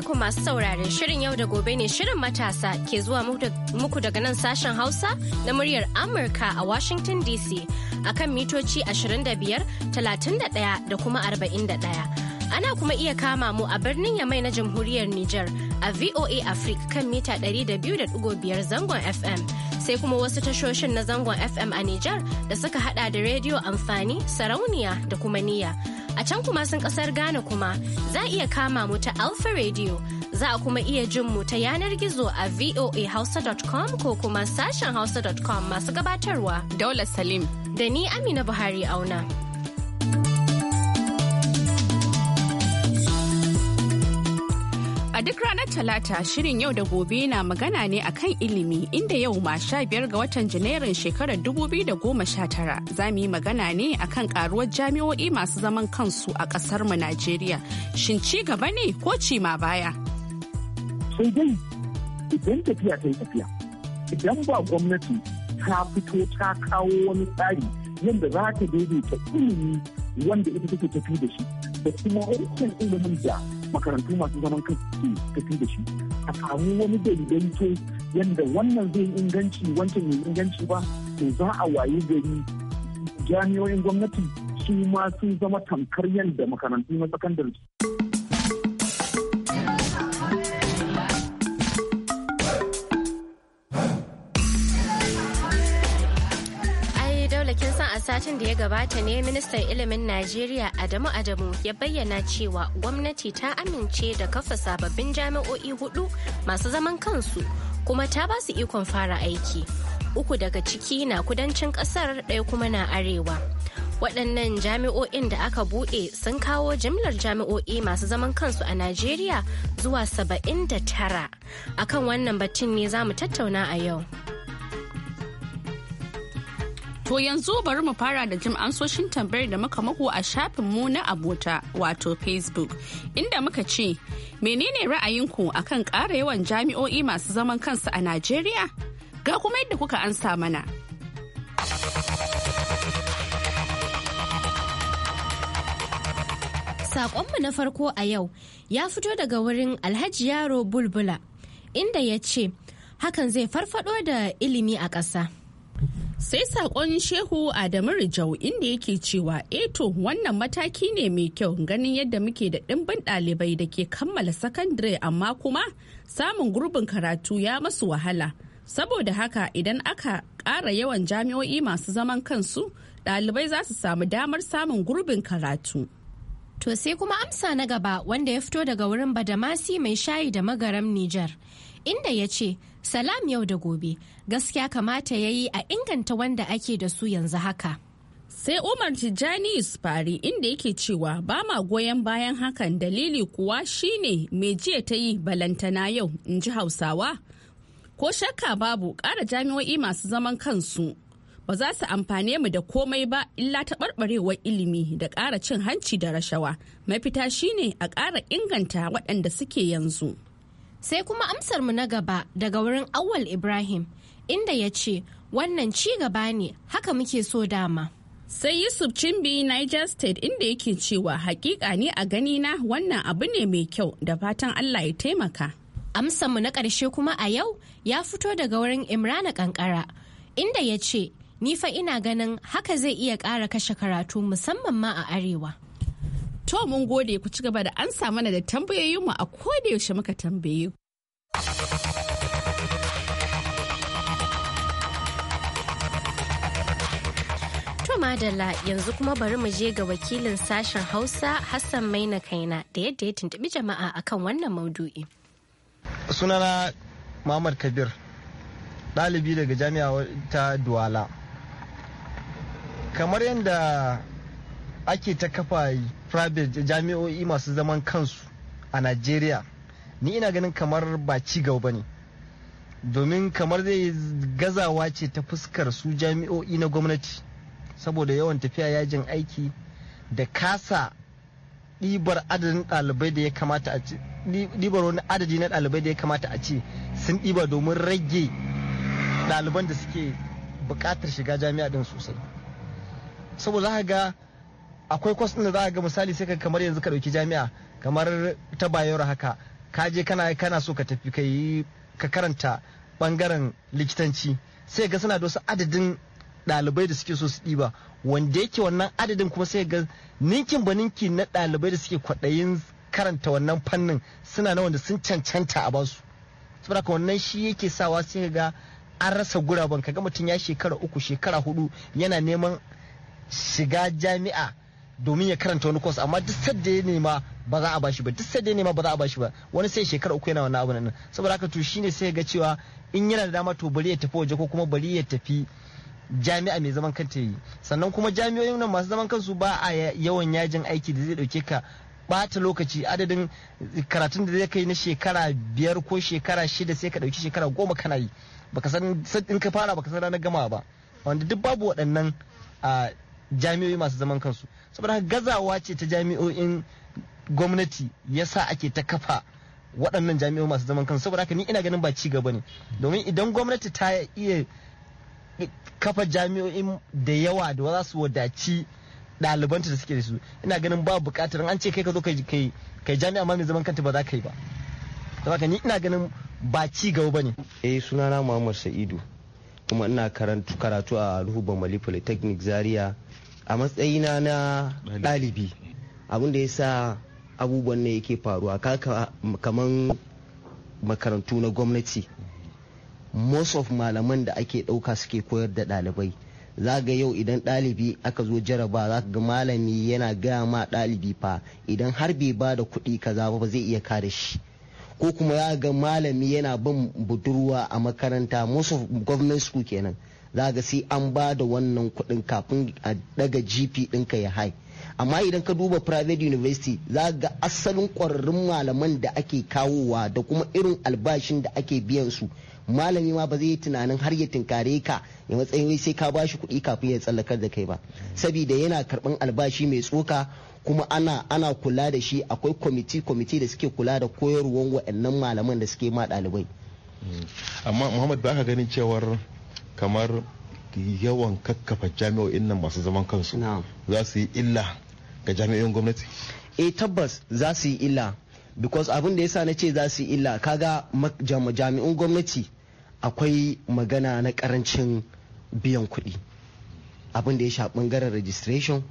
alaikum masu saurare shirin yau da gobe ne shirin matasa ke zuwa muku daga nan sashen Hausa na muryar Amurka a Washington DC a kan mitoci 25, 31 da kuma 41. Ana kuma iya kama mu a birnin Yamai na Jamhuriyar Nijar a VOA Africa kan mita 200.5 zangon FM. sai kuma wasu tashoshin na zangon FM a Nijar da suka hada da rediyo amfani, sarauniya da kuma niyya. A can kuma sun kasar Ghana kuma za iya kama mu ta Alpha Radio. Za a kuma iya jin mu ta yanar gizo a voahausa.com ko kuma sashen hausa.com masu gabatarwa. Daula Salim. Da ni Amina Buhari auna. A duk ranar Talata shirin yau da gobe na magana ne akan ilimi inda yau ma sha biyar ga watan Janairun shekarar 2019 za mu yi magana ne akan karuwar jami'o'i masu zaman kansu a kasar mu Najeriya. Shin ci gaba ne ko ci ma baya? Sai dai idan tafiya ta yi tafiya, idan ba gwamnati ta fito ta kawo wani tsari yadda za ta daidaita ilimi wanda ita take tafi da shi da kuma ilimin da makarantu masu zaman kansu tafi da shi a samu wani ke yadda wannan zai inganci wancan mai inganci ba to za a waye gari jami'o'in gwamnati su ma sun zama tamkar yadda makarantu na sakandare lokacin da ya gabata ne ministan ilimin Najeriya Adamu Adamu ya bayyana cewa gwamnati ta amince da kafa sababbin jami'o'i hudu masu zaman kansu kuma ta ba su ikon fara aiki. Uku daga ciki na kudancin kasar ɗaya kuma na arewa. Waɗannan jami'o'in da aka buɗe sun kawo jimlar jami'o'i masu zaman kansu a Najeriya zuwa 79. Akan wannan batun ne za mu tattauna a yau. To yanzu bari mu fara da jin amsoshin tambayar da muka mako a shafin mu na abota wato Facebook inda muka ce menene ra'ayinku akan ƙara yawan jami'o'i masu zaman kansu a Najeriya? Ga kuma yadda kuka ansa mana. Saƙonmu na farko a yau ya fito daga wurin Alhaji Yaro Bulbula inda ya ce hakan zai farfado da ilimi a ƙasa. sai sakon shehu adamu rijau inda yake cewa eto eh wannan mataki ne mai kyau ganin yadda muke da ɗimbin ɗalibai da ke kammala sakandare amma kuma samun gurbin karatu ya masu wahala saboda haka idan aka ƙara yawan jami'o'i masu zaman kansu ɗalibai za su samu damar samun gurbin karatu to sai kuma amsa na gaba wanda ya fito daga wurin badamasi mai shayi da magaram nijar inda ya ce Salam yau da gobe gaskiya kamata ya yi a inganta wanda ake da su yanzu haka. Sai Umar Tijjani yusufari inda yake cewa ba ma goyon bayan hakan dalili kuwa shine mai jiya ta yi balantana yau in ji Hausawa. Ko shakka babu ƙara jami'o'i masu zaman kansu ba za su amfane mu da komai ba illa ta taɓarɓarewar ilimi da ƙara cin hanci da rashawa mafita shine a ƙara inganta waɗanda suke yanzu. Sai kuma amsar mu na gaba daga wurin Awal Ibrahim inda ya ce wannan ci gaba ne haka muke so dama. Sai Yusuf Cimbi Niger State inda yake cewa hakika ne a gani na wannan abu ne mai kyau da fatan Allah ya taimaka. mu na ƙarshe kuma a yau ya fito daga wurin Imrana Kankara inda ya ce ni fa ina ganin haka zai iya ƙara kashe karatu musamman ma a arewa. To mun gode ku ci gaba da an mana da tambayoyinmu a koda yaushe muka tambaye madalla yanzu kuma bari mu je ga wakilin sashen hausa hassan maina kaina da yadda ya tuntubi jama'a akan wannan maudu'i sunana muhammad kabir ɗalibi daga jami'a ta duwala kamar yadda ake ta kafa private jami'o'i masu zaman kansu a najeriya ni ina ganin kamar ba ci gaba ne domin kamar zai gazawa ce ta fuskar su jami'o'i na gwamnati saboda yawan tafiya yajin aiki da kasa ɗibar adadin ɗalibai da ya kamata a ce ɗibar wani adadi na ɗalibai da ya kamata a ce sun ɗiba domin rage ɗaliban da suke buƙatar shiga jami'a ɗin sosai saboda za ka ga akwai kwas da za ka ga misali sai kamar yanzu ka ɗauki jami'a kamar ta bayero haka ka je kana kana so ka tafi ka ka karanta bangaren likitanci sai ga suna da wasu adadin dalibai da suke so su ɗiba wanda yake wannan adadin kuma sai ga ninkin ba ninki na dalibai da suke kwaɗayin karanta wannan fannin suna na wanda sun cancanta a basu saboda ka wannan shi yake sawa sai ga an rasa guraben kaga mutum ya shekara uku shekara hudu yana neman shiga jami'a domin ya karanta wani kwas amma duk sadda ya nema ba za a bashi ba duk sadda ya nema ba za a bashi ba wani sai shekara uku yana wannan abun nan saboda haka to shine sai ga cewa in yana da dama to bari ya tafi waje ko kuma bari ya tafi jami'a mai zaman kanta yi sannan kuma jami'o'in nan masu zaman kansu ba a yawan yajin aiki da zai dauke ka bata lokaci adadin karatun da zai kai na shekara biyar ko shekara shida sai ka dauki shekara goma kana yi baka san in ka fara baka san ranar gama ba wanda duk babu waɗannan a ah, jami'o'i masu zaman kansu saboda gazawa ce ta jami'o'in gwamnati ya sa ake ta kafa waɗannan jami'o masu zaman kansu saboda haka ni ina ganin ba ci gaba ne domin idan gwamnati ta iya kafa jami'o'in da yawa da za su wadaci ɗalibanta da suke da su ina ganin ba buƙatar an ce kai ka zo kai kai jami'a ma mai zaman kanta ba za ka yi ba saboda haka ni ina ganin ba ci gaba ba ne eh sunana Muhammad Sa'idu kuma ina karatu a Ruhu Bamali Polytechnic Zaria a matsayina na ɗalibi abinda da ya sa abubuwan ne yake faruwa kaka kamar makarantu na gwamnati most of malaman da ake ɗauka suke koyar da ɗalibai za ga yau idan ɗalibi aka zo jaraba za ga malami yana gaya ma ɗalibi fa idan har bai ba da kuɗi kaza ba zai iya kare shi ko kuma ya ga malami yana bin budurwa a makaranta most of government school kenan za ga sai an ba da wannan kuɗin kafin a daga gp ɗinka ya hai amma idan ka duba private university za ga asalin ƙwararrun malaman da ake kawowa da kuma irin albashin da ake biyan su malami ma ba zai yi tunanin har ya tinkare ka ya matsayin wai sai ka ba shi kuɗi kafin ya tsallakar da kai ba saboda yana karɓan albashi mai tsoka kuma ana ana kula da shi akwai kwamiti kwamiti da suke kula da koyarwan waɗannan malaman da suke ma ɗalibai mm. amma muhammad ka ganin cewar kamar yawan kakkafa jami'o'in nan masu zaman kansu za su yi illa ga jami'o'in gwamnati eh tabbas za su yi illa because abin da yasa na ce za su yi illa kaga jami'in gwamnati akwai magana na karancin biyan kuɗi abin da ya sha bangaren registration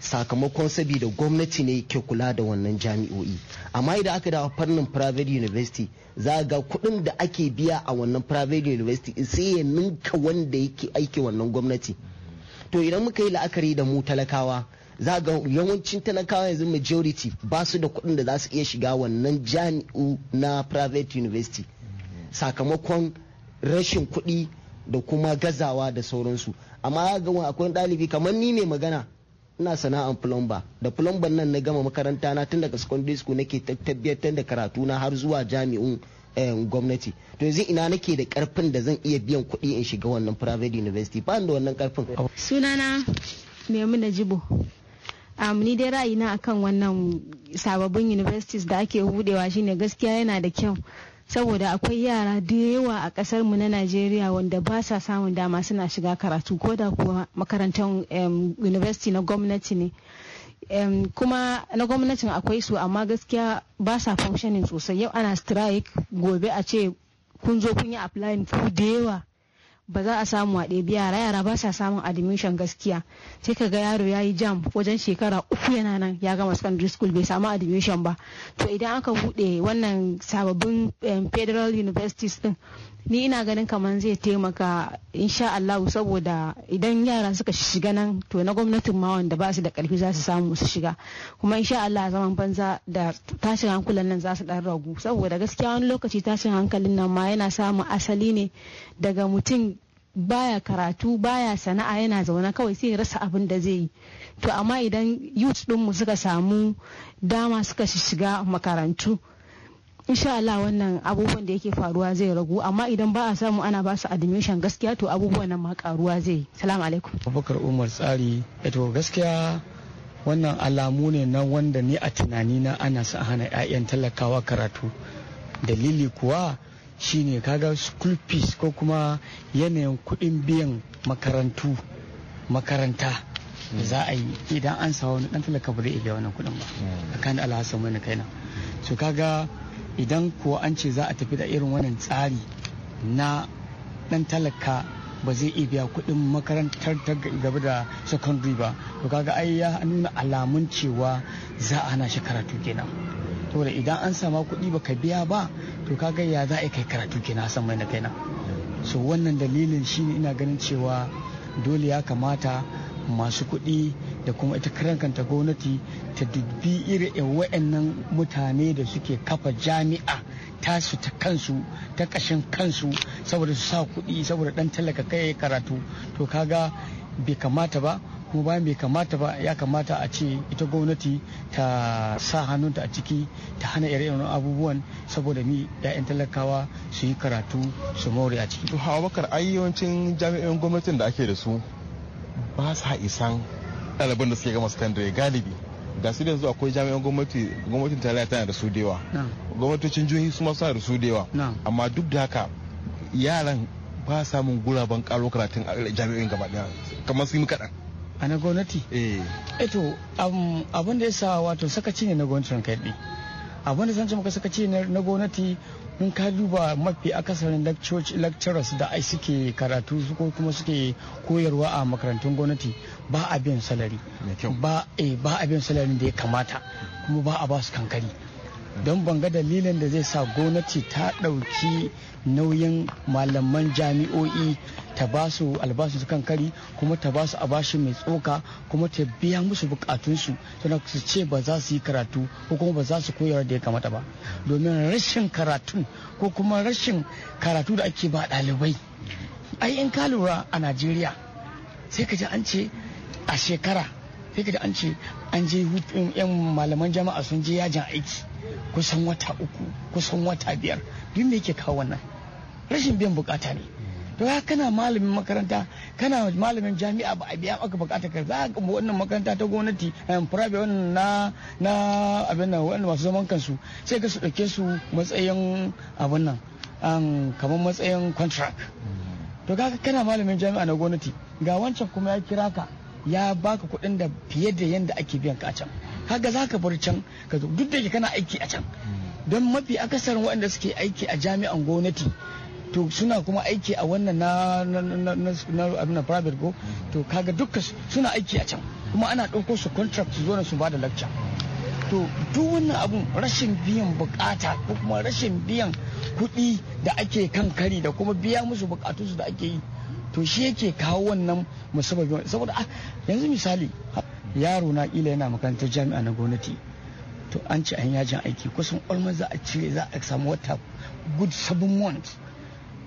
sakamakon saboda gwamnati ne ke kula da wannan jami'o'i amma idan aka dawo fannin private university za ga kuɗin da ake biya a wannan private university sai ya ninka wanda yake aiki wannan gwamnati to idan muka yi la'akari da mu talakawa za ga yawancin talakawa yanzu majority ba su da kuɗin da za su iya shiga wannan jami'u na private university sakamakon rashin kuɗi da kuma gazawa da sauransu amma ga akwai ɗalibi kamar ni mai magana ina sana'an plumber da plumber nan na gama makaranta na tun daga secondary school nake tabbatar da karatu na har zuwa jami'un eh, gwamnati to yanzu ina nake da karfin da zan iya biyan kuɗi in shiga wannan private university ba da wannan karfin sunana maimuna jibo um, ni dai ra'ayina akan wannan sababbin universities da ake hudewa shine gaskiya yana da kyau saboda akwai yara da yawa a kasar mu na Najeriya wanda ba sa samun dama suna shiga karatu ko da kuwa makarantar university na gwamnati ne um, kuma na gwamnatin akwai su amma gaskiya ba sa functioning sosai yau ana strike gobe a ce kun zo kun yi applying ku da yawa ba za a samu a ɗebi yara yara ba sa samun admission gaskiya sai ka ga yaro ya yi jam wajen shekara uku yana nan ya gama secondary school bai samu admission ba to idan aka buɗe wannan sababbin eh, federal universities din ni ina ganin kamar zai taimaka insha Allah saboda idan yara suka shiga nan to na gwamnatin ma wanda ba su da karfi za su samu su shiga kuma insha Allah zaman banza da tashin hankulan nan za su dan ragu saboda gaskiya wani lokaci tashin hankalin nan ma yana samun asali ne daga mutum baya karatu baya sana'a yana zaune kawai sai rasa abin da zai yi to amma idan youth mu suka samu dama suka shiga makarantu insha Allah wannan abubuwan da yake faruwa zai ragu amma idan ba a samu ana ba su admission gaskiya to abubuwan nan ma karuwa zai salamu alaikum Abubakar Umar tsari eh, to gaskiya wannan alamu ne na wanda ni a tunani na ana sa hana 'ya'yan talakawa karatu dalili kuwa shine kaga school fees ko kuma yanayin kuɗin biyan makarantu makaranta da za a yi idan an sa wani dan talaka ba zai iya wannan kuɗin ba akan samu wani kaina so kaga idan kuwa an ce za a tafi da irin wannan tsari na dan talaka ba zai iya biya kuɗin makarantar ta gaba da secondary ba to kaga ai ya nuna alamun cewa za a hana shi karatu kenan da idan an sama kuɗi ba ka biya ba to kaga ya za a kai karatu kenan san mai na kaina so wannan dalilin shine ina ganin cewa dole ya kamata masu kuɗi da kuma ita karan kanta gwamnati ta dubbi irin wa'annan mutane da suke kafa jami'a tasu ta kansu ta kashin kansu saboda su sa kuɗi saboda ɗan talaka kai karatu to kaga bai kamata ba kuma bayan bai kamata ba ya kamata a ce ita gwamnati ta sa hannunta a ciki ta hana irin abubuwan saboda ni 'ya'yan talakawa su yi karatu su more a ciki. To hawa bakar ayyancin jami'an gwamnatin da ake da su ba sa isan ɗaliban da suke gama sakandare galibi ga su yanzu akwai jami'an gwamnati gwamnatin tarayya tana da su da yawa gwamnatocin jihohi su ma suna da su da yawa amma duk da haka yaran ba samun guraben karo karatun jami'o'in gaba daya kamar su yi kaɗan a na gwamnati eh eto eh abin da ya sa wato sakaci ne na gwamnatin kai abin da zan ce maka sakaci na gwamnati in ka duba mafi akasarin lecturers da ai suke karatu su ko kuma suke koyarwa a makarantun gwamnati ba abin salari ba eh, abin salarin da ya kamata kuma ba a ba su kankari don ban ga dalilin da zai sa gwamnati ta ɗauki nauyin malaman jami'o'i ta ba su albashin kan kari kuma ta ba su mai tsoka kuma ta biya musu bukatunsu tana su ce ba za su yi karatu ko kuma ba za su koyar da ya kamata ba domin rashin karatun ko kuma rashin karatu da ake ba ɗalibai ai in ka lura a najeriya sai ka ji an ce a shekara sai ka ji an ce an je yan malaman jama'a sun je yajin aiki kusan wata uku kusan wata biyar duk me yake kawo wannan rashin biyan bukata ne to ya kana malamin makaranta kana malamin jami'a ba a biya maka bukata ka za ka wannan makaranta ta gwamnati private wannan na na abin nan wannan masu zaman kansu sai ka su dauke su matsayin abin nan kamar matsayin contract mm. to kaga kana malamin jami'a na gwamnati ga wancan kuma ya kira ka ya baka kuɗin da fiye da yadda ake biyan ka a can kaga za ka bar can ka zo duk da ke kana aiki a can don mafi akasarin waɗanda suke aiki a jami'an gwamnati to suna kuma aiki a wannan na na private go to kaga dukkan suna aiki a can kuma ana ɗauko su contract su zo na su bada lecture to duk wannan abun rashin biyan bukata ko kuma rashin biyan kuɗi da ake kan kari da kuma biya musu bukatunsu da ake yi to shi yake kawo wannan musabbabi saboda a ah, yanzu misali yaro na kila yana makarantar jami'a na gwamnati to an ce an yajin aiki kusan almost za a cire za a samu wata good seven months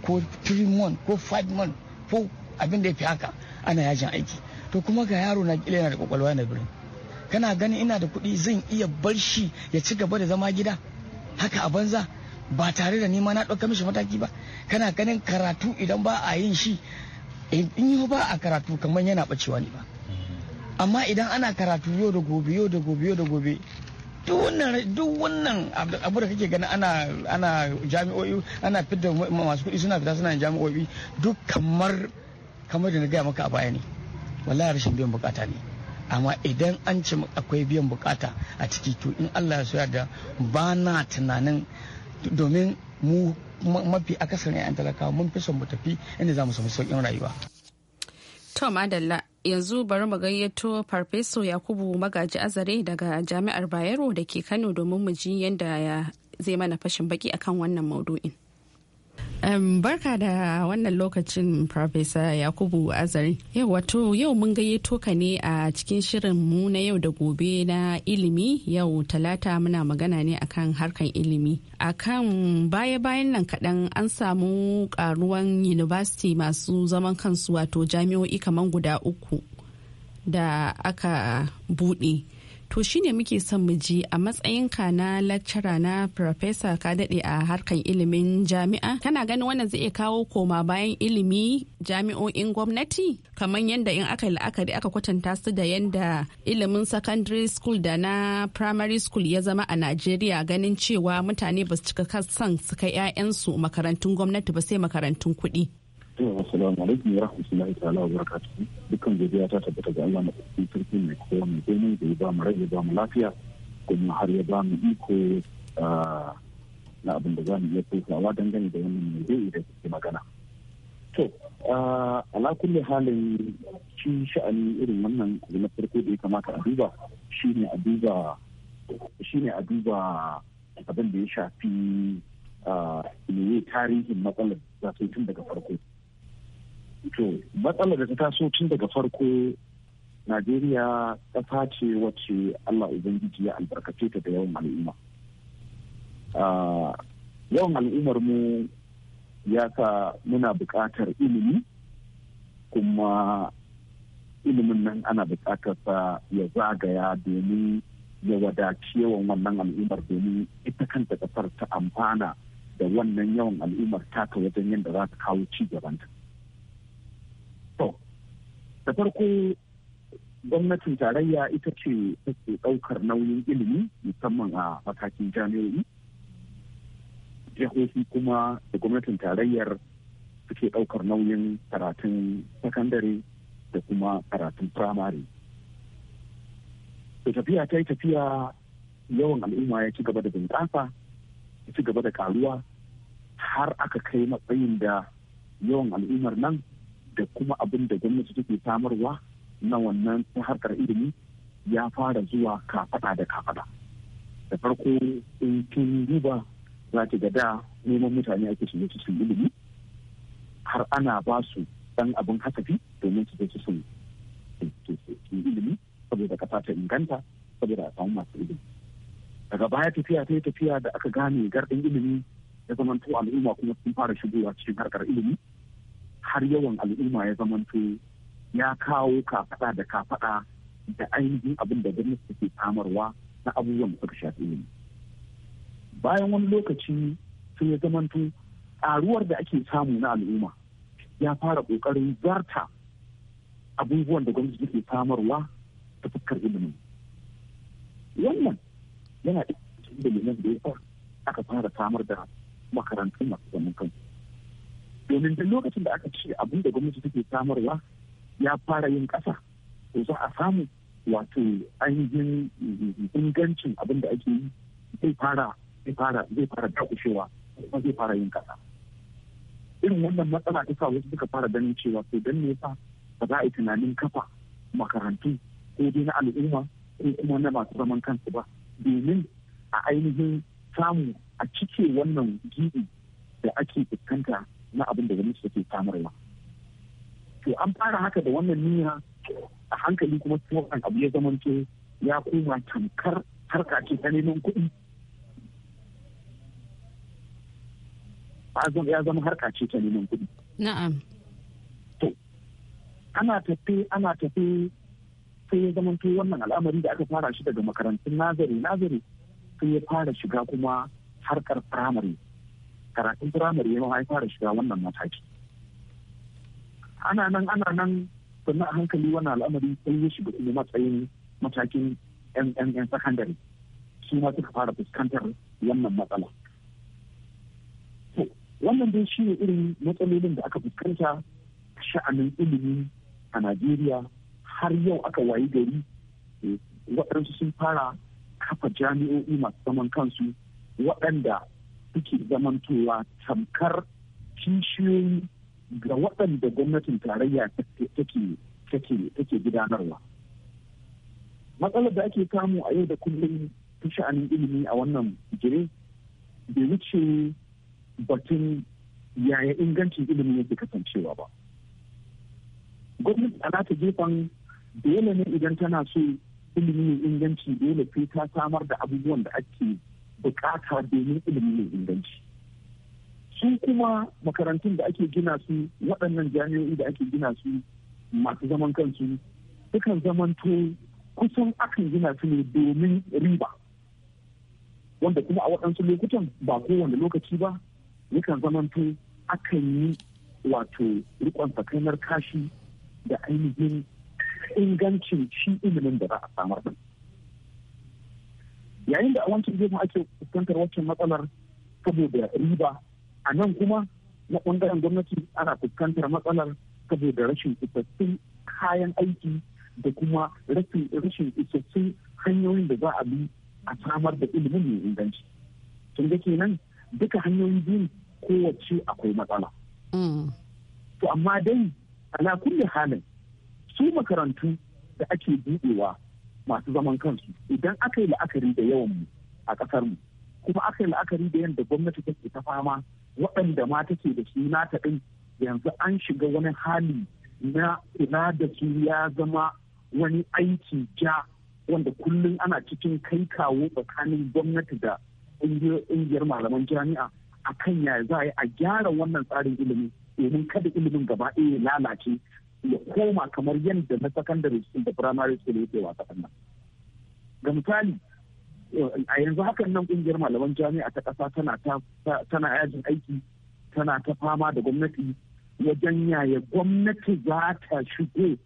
ko three months ko five months ko abin da ya fi haka ana yajin aiki to kuma ga yaro na kila yana da kwakwalwa na birni kana ganin ina da kuɗi zan iya bar shi ya ci gaba da zama gida haka a banza ba tare da nima na ɗauka mishi mataki ba kana ganin karatu idan ba a yin shi in yi ba a karatu kamar yana bacewa ne ba amma idan ana karatu yau da gobe yau da gobe yau da gobe duk wannan abu da kake gani ana jami'o'i ana fidda masu kuɗi suna fita suna jami'o'i duk kamar kamar da na gaya maka a baya ne wallahi rashin biyan bukata ne amma idan an ce akwai biyan bukata a ciki to in Allah ya soya da ba na tunanin domin mu mafi akasarin 'yan talakawa mun fi son mu tafi inda za mu samu sauƙin rayuwa. Tom Adalla yanzu bari mu gayyato Farfeso Yakubu Magaji Azare daga Jami'ar Bayero da ke Kano domin mu ji yadda zai mana fashin baki akan wannan maudu'in. Um, barka da wannan lokacin farfesa Yakubu Azari. Yau wato yau mun gayyato ka ne a cikin shirin mu na yau da gobe na ilimi yau talata muna magana ne akan harkan ilimi. Akan baya-bayan nan kaɗan an samu ƙaruwan university masu zaman kansu wato jami'o'i kamar guda uku da aka buɗe. to shine muke son mu ji a matsayinka na lecturer na professor ka dade a harkan ilimin jami'a kana ganin wannan zai kawo koma bayan ilimi jami'o'in gwamnati kamar yadda in aka la'akari aka kwatanta su da yadda ilimin secondary school da na primary school ya zama a najeriya ganin cewa mutane ba su cika son su kai 'ya'yansu makarantun gwamnati ba sai makarantun kuɗi wa assalamu alaikum wa rahmatullahi ala wa barakatuhu dukkan godiya ta tabbata ga Allah na madaukakin sarki mai kowa mai komai da ya ba mu rai ya ba mu lafiya kuma har ya ba mu iko na abin da za mu iya kokawa dangane da wannan mai zai da kuke magana to ala halin shi sha'ani irin wannan abu na farko da ya kamata a duba shine a duba a duba abin da ya shafi ne tarihin matsalar zafi tun daga farko to matsalar da ta taso tun daga farko najeriya ƙasa ce wacce allah ubangiji ya albarkace ta da yawan al'umma yawan al'ummar mu ya sa muna bukatar ilimi kuma ilimin nan ana bukatar sa ya zagaya domin ya wadaci yawan wannan al'ummar domin ita kanta ƙasar ta amfana da wannan yawan al'ummar taka wajen yadda za ta kawo ci gabanta. da farko gwamnatin tarayya ita ce take ɗaukar nauyin ilimi musamman a matakin jami'o'i jihohi kuma da gwamnatin tarayyar suke ɗaukar nauyin karatun sakandare da kuma karatun firamare da tafiya ta yi tafiya yawan al'umma ya ci gaba da bunƙasa ya ci gaba da karuwa har aka kai matsayin da yawan al'ummar nan da kuma abin da gwamnati take samarwa na wannan harkar ilimi ya fara zuwa kafada da kafada da farko in kin duba za ki ga da neman mutane ake shige su sun ilimi har ana ba su dan abin hasafi domin su su sun ilimi saboda kasa ta inganta saboda a samu masu ilimi daga baya tafiya ta yi tafiya da aka gane gardin ilimi ya zama to al'umma kuma sun fara shigowa cikin harkar ilimi har yawan al'umma ya zamanto ya kawo kafaɗa da kafaɗa da ainihin abin da gwamnati ke samarwa na abubuwan da suka shafi ilimi bayan wani lokaci sai ya zamanto ƙaruwar da ake samu na al'umma ya fara ƙoƙarin zarta abubuwan da gwamnati ke samarwa ta fuskar ilimi wannan yana da ya aka fara samar da makarantun masu zaman kansu domin duk lokacin da aka ce abin da gwamnati take samarwa ya fara yin ƙasa to za a samu wato ainihin ingancin abin da ake yi zai fara zai fara zai dakushewa kuma zai fara yin ƙasa irin wannan matsala ta sa wasu suka fara ganin cewa to dan nesa yasa ba za a yi tunanin kafa makarantu ko dai na al'umma ko kuma na masu zaman kansu ba domin a ainihin samu a cike wannan gibi da ake fuskanta na abin da gwamnati take samarwa to an fara haka da wannan niyya a hankali kuma wakan abu ya zamanto ya koma tamkar harka ce ta neman kuɗi ya zama harka ce ta neman kuɗi na'am to ana tafe ana tafe sai ya zamanto wannan al'amari da aka fara shi daga makarantun nazari nazari sai ya fara shiga kuma harkar firamare karatun firamare ya mahaifa da shiga wannan mataki ana nan ana nan sannan a hankali wannan al'amari sai ya shiga kuma matsayin matakin yan yan sakandare su ma suka fara fuskantar wannan matsala wannan dai shi ne irin matsalolin da aka fuskanta sha'anin ilimi a najeriya har yau aka wayi gari eh, waɗansu sun fara kafa jami'o'i masu zaman kansu waɗanda suke zamantowa tamkar kishiyoyi ga waɗanda gwamnatin tarayya take gidanarwa Matsalar da ake samu a yau da kullum ta sha'anin ilimi a wannan jire bai wuce batun yaya ingancin ilimi yake kasancewa ba. Gwamnati ana ta gefen dole ne idan tana so ilimin inganci dole sai ta samar da abubuwan da ake bukata domin ilimi mai inganci su kuma makarantun da ake gina su waɗannan jami'o'i da ake gina su masu zaman kansu sukan zamanto kusan akan gina su ne domin riba wanda kuma a waɗansu lokutan ba kowane lokaci ba yakan zamanto akan yi wato rikon tsakanin kashi da ainihin ingancin shi ilimin da za a samar da yayin da a wancan gefen ake fuskantar wancan matsalar saboda riba a nan kuma na ɓangaren gwamnati ana fuskantar matsalar saboda rashin isassun kayan aiki da kuma rashin isassun hanyoyin da za a bi a samar da ilimin mai inganci tun da kenan duka hanyoyin biyu kowace akwai matsala mm. to amma dai ala kulli halin su makarantu da ake buɗewa masu zaman kansu idan aka yi la'akari da yawan mu a ƙasar mu kuma aka yi la'akari da yadda gwamnati take ta fama waɗanda ma take da su nata ɗin yanzu an shiga wani hali na kula da su ya zama wani aiki ja wanda kullum ana cikin kai kawo tsakanin gwamnati da ƙungiyar malaman jami'a a kan ya za a gyara wannan tsarin ilimi domin kada ilimin gaba ɗaya ya lalace ya koma kamar yadda na secondary school da primary school yake wasa nan ga misali a yanzu hakan nan kungiyar malaman jami'a ta kasa tana yajin aiki tana ta fama da gwamnati wajen yaya gwamnati za ta shigo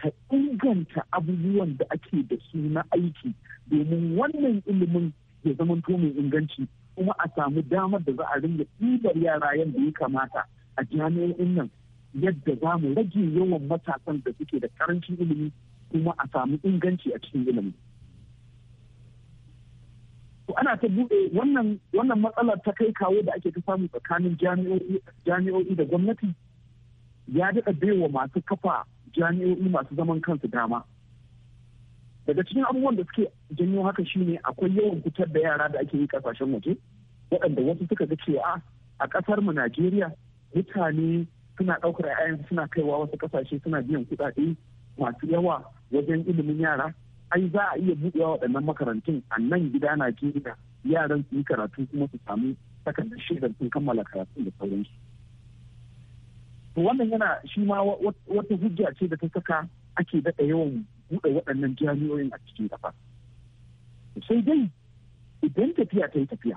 ta inganta abubuwan da ake da su na aiki domin wannan ilimin ya zamanto mai inganci kuma a samu damar da za a ringa ɗibar yara yadda ya kamata a jami'o'in nan yadda za mu rage yawan matasan da suke da karancin ilimi kuma a samu inganci a cikin ilimi. To ana ta buɗe wannan wannan matsalar ta kai kawo da ake ta samu tsakanin jami'o'i da gwamnati ya daɗa baiwa masu kafa jami'o'i masu zaman kansu dama. Daga cikin abubuwan da suke janyo haka shine akwai yawan fitar da yara da ake yi kasashen waje waɗanda wasu suka ga cewa a ƙasar mu Najeriya mutane suna ɗaukar 'ya'yansu suna kaiwa wasu kasashe suna biyan kuɗaɗe masu yawa wajen ilimin yara ai za a iya buɗewa waɗannan makarantun a nan gida na gida yaran su yi karatu kuma su samu takardar shaidar sun kammala karatun da sauransu. To wannan yana shi ma wata hujja ce da ta saka ake daɗa yawan buɗe waɗannan jami'o'in a cikin ƙafa. Sai dai idan tafiya ta yi tafiya,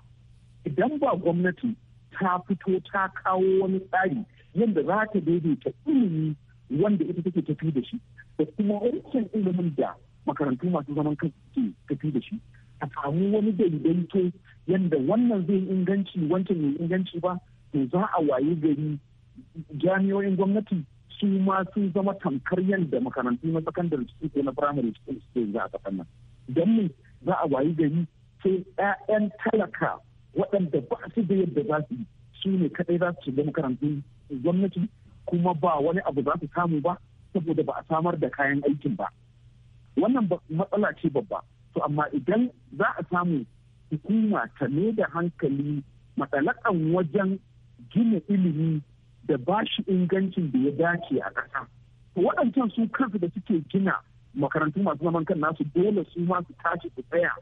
idan ba gwamnati ta fito ta kawo wani tsari yadda za ta daidaita ilimi wanda ita take tafi da shi da kuma wancan ilimin da makarantu masu zaman kansu tafi da shi a samu wani daidaito yadda wannan zai inganci wancan mai inganci ba to za a waye gari jami'o'in gwamnati su ma sun zama tamkar yadda makarantu na sakandare su ko na firamare su ke za a kasan nan don mu za a waye gari sai 'ya'yan talaka waɗanda ba su da yadda za su yi su ne kaɗai za su shiga makarantu. gwamnati kuma ba wani abu za su samu ba saboda ba a samar da kayan aikin ba wannan matsala ce babba to amma idan za a samu hukuma ta ne da hankali matsalakan wajen gina ilimi da ba shi ingancin da ya dace a ƙasa to waɗancan su kansu da suke gina makarantu masu zaman kan nasu dole su masu su tashi su tsaya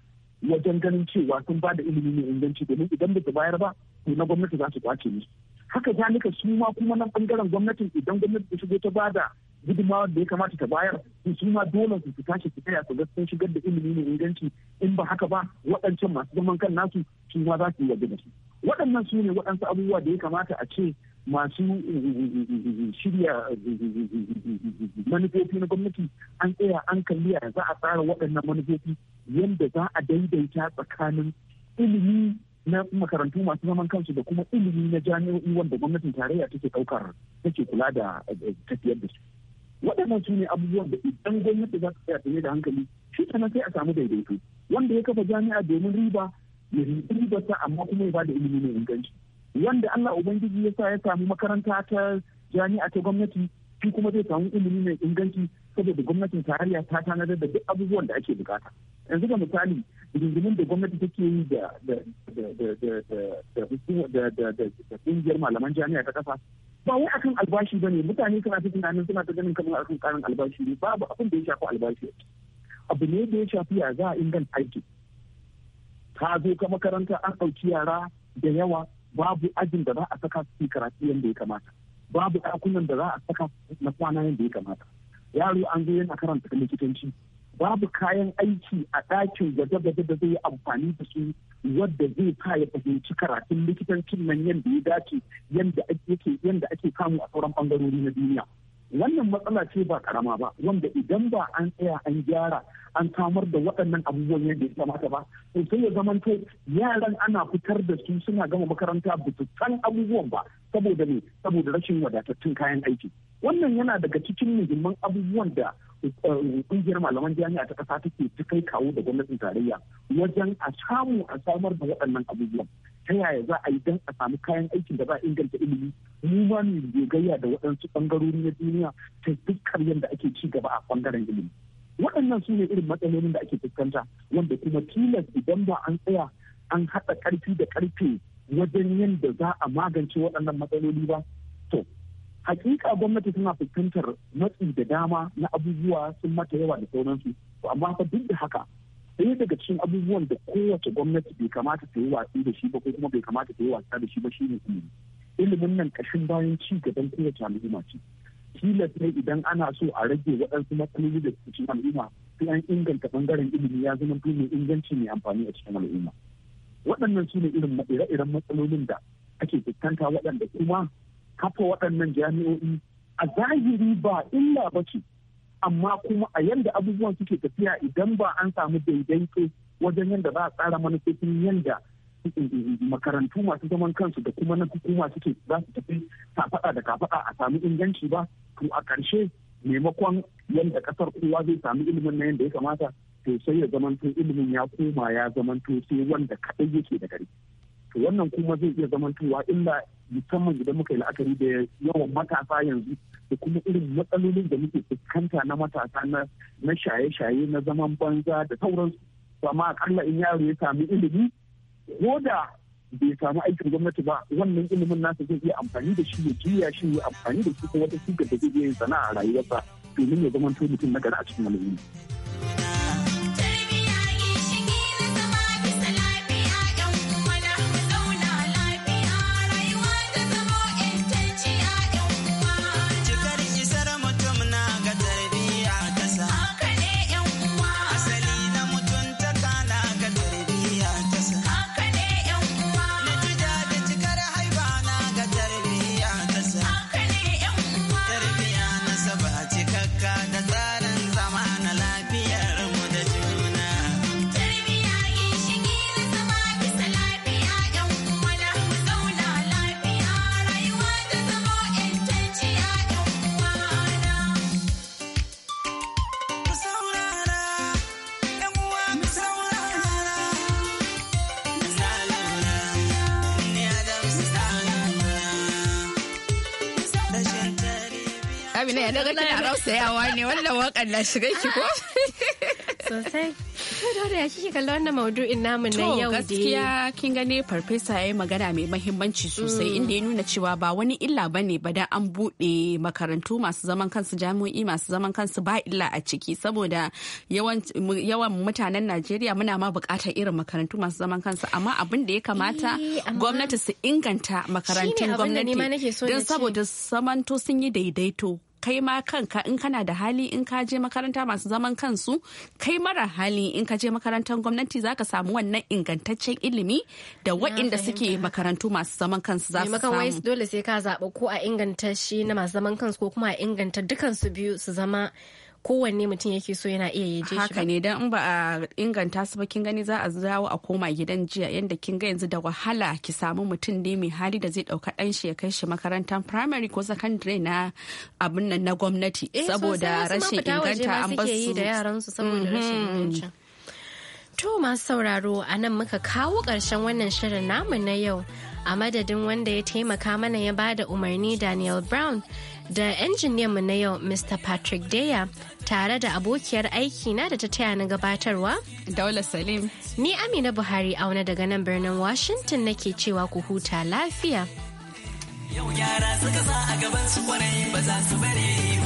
wajen ganin cewa sun ba da ilimi mai inganci domin idan ba su bayar ba to na gwamnati za su kwace musu haka nika su ma kuma nan bangaren gwamnatin idan gwamnati ta shigo ta bada gudunmawar da ya kamata ta bayar su su ma dole su tashi su tsaya su ga sun shigar da ilimi ne inganci in ba haka ba waɗancan masu zaman kan nasu su ma za su yi da su waɗannan su ne waɗansu abubuwa da ya kamata a ce masu shirya manufofi na gwamnati an tsaya an kalli za a tsara waɗannan manufofi yadda za a daidaita tsakanin ilimi na makarantu masu zaman kansu da kuma ilimi na jami'o'i wanda gwamnatin tarayya take ɗaukar take kula da eh, tafiyar da su waɗannan su ne abubuwan da idan gwamnati za ta tsaya ta da hankali shi na sai a samu daidaito wanda ya kafa jami'a domin riba ya riba ta amma kuma ya bada ilimi mai inganci wanda Allah ubangiji ya sa ya samu makaranta ta jami'a ta gwamnati shi kuma zai samu ilimi mai inganci saboda gwamnatin tarayya ta tanadar da duk abubuwan da ake bukata yanzu ga misali rundunar da gwamnati take yi da kungiyar malaman jami'a ta kasa ba wai akan albashi ba ne mutane suna ta tunanin suna ta ganin kamar akan karin albashi ne babu abin da ya shafi albashi abu ne da ya shafi ya za a inganta aiki Ta zo ka makaranta an ɗauki yara da yawa babu ajin da za a saka su karatu yadda ya kamata babu ɗakunan da za a saka na kwana yadda ya kamata yaro an zo yana karanta likitanci babu kayan aiki a ɗakin gwaje-gwaje da zai yi amfani da su wadda zai sa ya fahimci karatun likitancin nan yadda ya dace yadda ake kamu a sauran bangarori na duniya wannan matsala ce ba karama ba wanda idan ba an tsaya an gyara an samar da waɗannan abubuwan yadda ya kamata ba to sai ya to yaran ana fitar da su suna gama makaranta bisa san abubuwan ba saboda me saboda rashin wadatattun kayan aiki wannan yana daga cikin muhimman abubuwan da kungiyar malaman jami'a ta kasa take ta kai kawo da gwamnatin tarayya wajen a samu a samar da waɗannan abubuwan ta yaya za a yi don a samu kayan aikin da za a inganta ilimi mu ma mu gayya da waɗansu ɓangarori na duniya ta dukkan yadda ake ci gaba a ɓangaren ilimi waɗannan su ne irin matsalolin da ake fuskanta wanda kuma tilas idan ba an tsaya an haɗa ƙarfi da ƙarfe wajen yadda za a magance waɗannan matsaloli ba to hakika gwamnati suna fuskantar matsi da dama na abubuwa sun mata yawa da sauransu to amma fa duk da haka ɗaya daga cikin abubuwan da kowace gwamnati bai kamata ta yi watsi da shi ba ko kuma bai kamata ta yi wasa da shi ba shi ne ilimi ilimin nan kashin bayan ci gaban kowace al'umma ce tilas ne idan ana so a rage waɗansu matsaloli da cikin al'umma sai an inganta ɓangaren ilimi ya zama mai inganci mai amfani a cikin al'umma waɗannan su ne irin ire-iren matsalolin da ake fuskanta waɗanda kuma kafa waɗannan jami'o'i a zahiri ba illa ba ce amma kuma a yadda abubuwan suke tafiya idan ba an samu daidaito wajen yadda za a tsara manufofin yadda makarantu masu zaman kansu da kuma na hukuma suke za su tafi kafaɗa da kafaɗa a samu inganci ba to a ƙarshe maimakon yadda ƙasar kowa zai samu ilimin na yadda ya kamata to sai ya zamanto ilimin ya koma ya zamanto sai wanda kaɗai yake da gari. to wannan kuma zai iya zamantowa illa musamman idan muka yi la'akari da yawan matasa yanzu da kuma irin matsalolin da muke fuskanta na matasa na shaye-shaye na zaman banza da sauransu ma akalla in yaro ya sami ilimi ko da bai samu aikin gwamnati ba wannan ilimin nasa zai iya amfani da shi ya juya shi ya amfani da shi ko wata sigar da zai iya sana'a a rayuwarsa domin ya zama mutum na gari a cikin al'umma. tsayawa ne wannan wakan na shiga ki ko sosai da ya shi kalla wannan maudu'in namu na yau da gaskiya kin gane farfesa yayi magana mai mahimmanci sosai mm. inda ya nuna cewa ba wani illa bane ba da an bude makarantu masu zaman kansu jami'o'i masu zaman kansu ba illa a ciki saboda yawan mutanen Najeriya muna ma bukatar irin makarantu masu zaman kansu amma abin da ya kamata eh, gwamnati su inganta makarantun gwamnati don saboda samanto sun yi daidaito kai ma kanka in kana da hali in ka je makaranta masu zaman kansu kai mara hali in ka je makarantar gwamnati za ka samu wannan ingantaccen ilimi da waɗanda suke makarantu masu zaman kansu za su samu. dole sai ka zaɓa ko a inganta shi na masu zaman kansu ko kuma a inganta dukansu biyu su zama kowanne mutum yake so yana iya yaje shi haka ne dan in ba a inganta su ba kin gani za a zawo a koma gidan jiya yanda kin ga yanzu da wahala ki samu mutum ne mai hali da zai dauka dan shi ya kai shi makarantar primary ko secondary na abin nan na gwamnati eh, saboda rashin inganta an ba su da yaran su saboda rashin mhm. inganta. To masu sauraro a nan muka kawo ƙarshen wannan shirin namu na yau a madadin wanda ya taimaka mana ya bada umarni Daniel Brown da mu na yau Mr. Patrick Deya tare da abokiyar aiki na da ta taya na gabatarwa. Daula Salim. Ni Amina Buhari auna daga nan birnin Washington nake cewa ku huta lafiya. Yau yara suka za a gaban su kwanayi ba za su bari